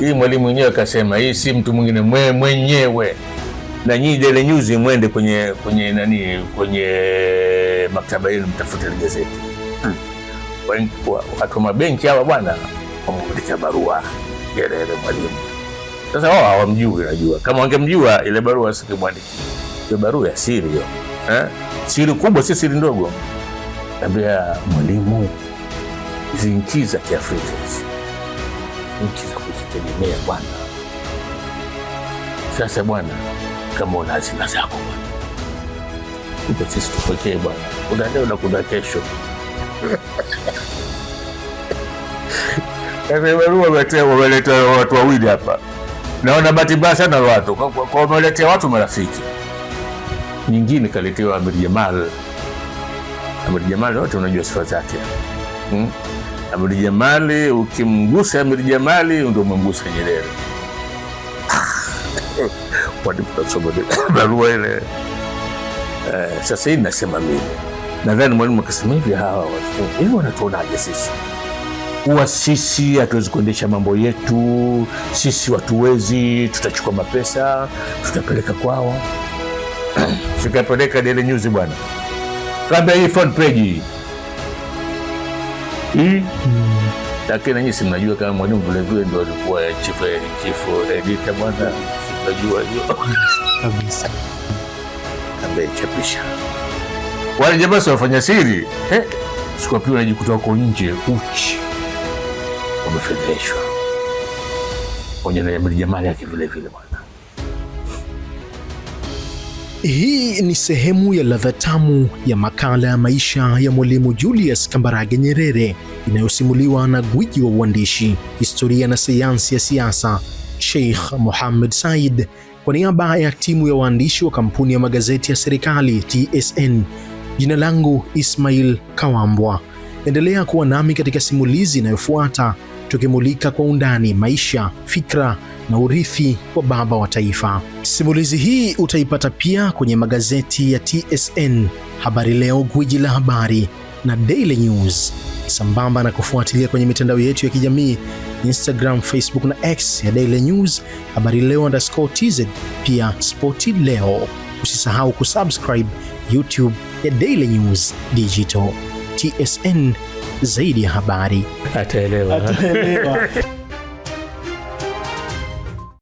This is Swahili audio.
Hii mwalimu mwenyewe akasema hii si mtu mwingine, mwe mwenyewe. Na nyinyi Daily News mwende kwenye kwenye nani, kwenye maktaba yenu mtafute gazeti hmm. Watu wa mabenki hawa bwana wamwandika barua Nyerere mwalimu. Sasa wao hawamjui, najua kama wangemjua ile barua sikimwandiki hiyo barua ya siri hiyo eh? Siri kubwa si siri ndogo. Naambia mwalimu, hizi nchi za Kiafrika hizi nchi za kujitegemea bwana. Sasa bwana, kama una hazina zako bwana, sisi tupokee bwana, kuna leo na kuna kesho. Wameleta watu wawili hapa, naona bahati mbaya sana watu kwa wameletea watu marafiki, nyingine kaletewa Amir Jamal. Amir Jamal wote unajua sifa zake hmm? Amiri Jamali, ukimgusa Amiri Jamali ndio umemgusa Nyerere. Ah, barua ile. Eh, sasa hii nasema mimi nadhani Mwalimu akasema hivi, hawa hivi wanatuonaje sisi huwa sisi hatuwezi kuendesha mambo yetu, sisi watuwezi, tutachukua mapesa tutapeleka kwao. Tukapeleka Daily News bwana, kambia hii front page hii hmm. lakini nanyi si kama mwalimu vilevile ndo alikuwa chief eh, chief eh, editor bwana, mnajua hiyo kabisa. Chapisha wale jamaa si wafanya siri eh, sikuwa pia unajikuta huko nje uchi, wamefedheshwa kwenye na jamali yake vilevile bwana. Hii ni sehemu ya ladha tamu ya makala ya maisha ya Mwalimu Julius Kambarage Nyerere inayosimuliwa na gwiji wa uandishi, historia na sayansi ya siasa, Sheikh Mohammed Said, kwa niaba ya timu ya waandishi wa kampuni ya magazeti ya serikali TSN. Jina langu Ismail Kawambwa. Endelea kuwa nami katika simulizi inayofuata tukimulika kwa undani maisha, fikra na urithi wa baba wa taifa. Simulizi hii utaipata pia kwenye magazeti ya TSN, Habari Leo, gwiji la habari na Daily News, sambamba na kufuatilia kwenye mitandao yetu ya kijamii Instagram, Facebook na X ya Daily News, Habari Leo underscore tz, pia Spoti Leo. Usisahau kusubscribe YouTube ya Daily News Digital. TSN zaidi ya habari. Ataelewa, ataelewa.